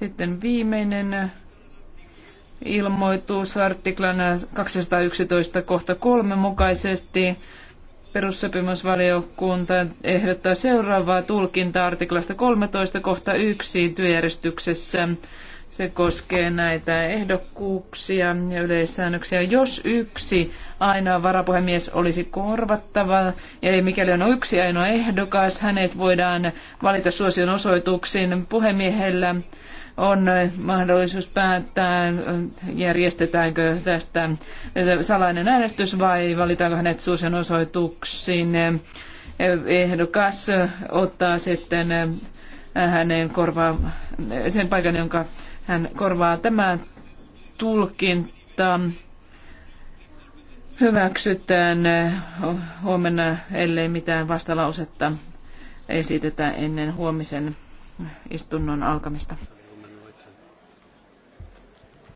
Sitten viimeinen ilmoitus artiklan 211 kohta 3 mukaisesti. Perussopimusvaliokunta ehdottaa seuraavaa tulkintaa artiklasta 13 kohta 1 työjärjestyksessä. Se koskee näitä ehdokkuuksia ja yleissäännöksiä. Jos yksi ainoa varapuhemies olisi korvattava, ja mikäli on yksi ainoa ehdokas, hänet voidaan valita suosion osoituksin puhemiehellä on mahdollisuus päättää, järjestetäänkö tästä salainen äänestys vai valitaanko hänet suosion osoituksiin. Ehdokas ottaa sitten hänen korvaa, sen paikan, jonka hän korvaa tämä tulkinta hyväksytään huomenna, ellei mitään vastalausetta esitetä ennen huomisen istunnon alkamista.